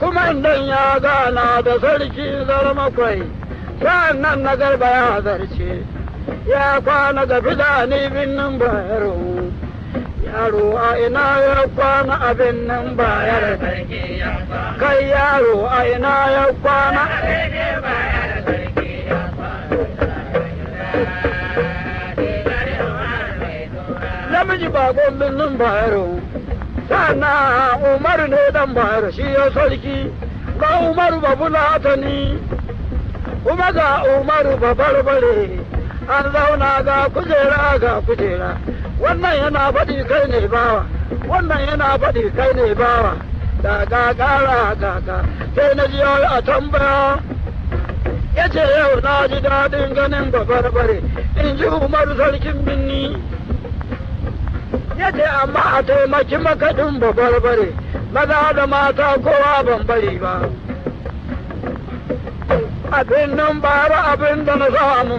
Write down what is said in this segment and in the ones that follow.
kumandan ya gana da sarki makwai sa'an nan na garba ya zarce ya kwana ga bidani binnin bayero yaro a ina ya kwana a binnin bayar kai yaro a ina ya kwana a binnin bayar namiji ba gombin nan bayero na umar ne dan bayar shi ya sarki ba umar ba ni kuma ga umar ba barbare an zauna ga kujera ga kujera wannan yana faɗi kai ne bawa wannan yana faɗi kai ne bawa da ga gara ga ga sai na ji a tambaya ya yau na ji daɗin ganin ba barbare in ji umar sarkin binni yadda amma a taimaki makaɗin ba barbare maza da mata kowa ban bari ba abin nan ba abin da na samu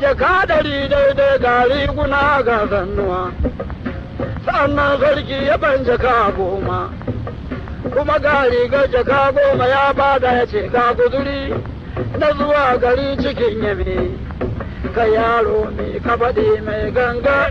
jaka ɗari daidai ga riguna ga zannuwa sannan sarki ya ban jaka goma kuma ga rigar jaka goma ya bada ya ce ga guduri na zuwa gari cikin yabe ka yaro mai kabaɗe mai ganga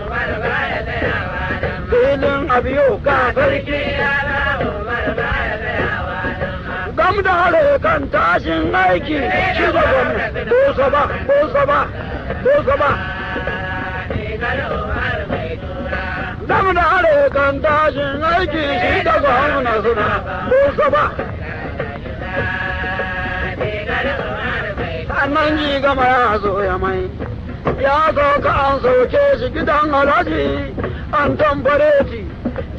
a biyo sarki gam da hare kan tashin aiki shi ba gwamna dosa ba dosa ba dosa ba gam da hare kan tashin aiki shi da gwamna suna dosa ba nan ji gama ya zo ya mai ya zo ka an sauke shi gidan alhaji an tambare shi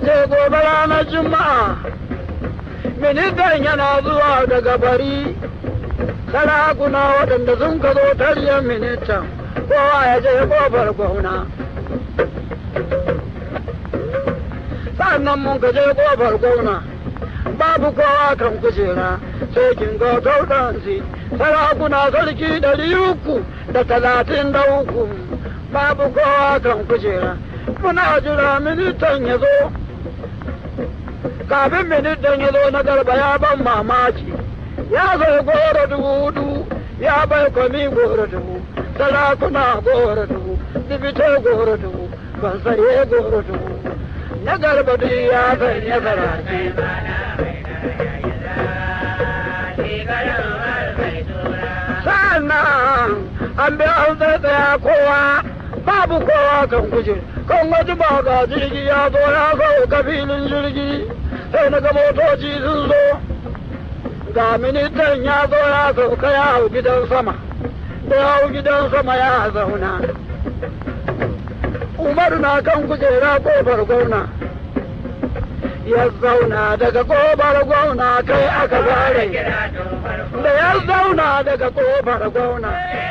kace gobe ranar juma'a ministan yana zuwa daga bari sarakuna waɗanda sun ka zo tariyar ministan kowa ya je kofar gwamna sannan mun ka je kofar gwamna babu kowa kan kujera sai kin ga tautansi sarakuna sarki ɗari uku da talatin da uku babu kowa kan kujera muna jira ministan ya zo kafin ministan ya zo na garba ya ban mamaki ya zai goro dubu ya bai kwami goro dubu sarakuna goro dubu dibitai goro dubu ban saye goro dubu na garba duk ya zai ya zara sa'annan an bi an tsaya kowa babu kowa kan kuje kan wajen ba ga jirgi ya zo ya zo ka filin jirgi sai na ga motoci sun zo ga ministan ya zo ya sauka ya hau gidan sama ya hau gidan sama ya zauna umaru na kan kujera kofar gwamna ya zauna daga kofar gwamna kai aka zare da ya zauna daga kofar gwamna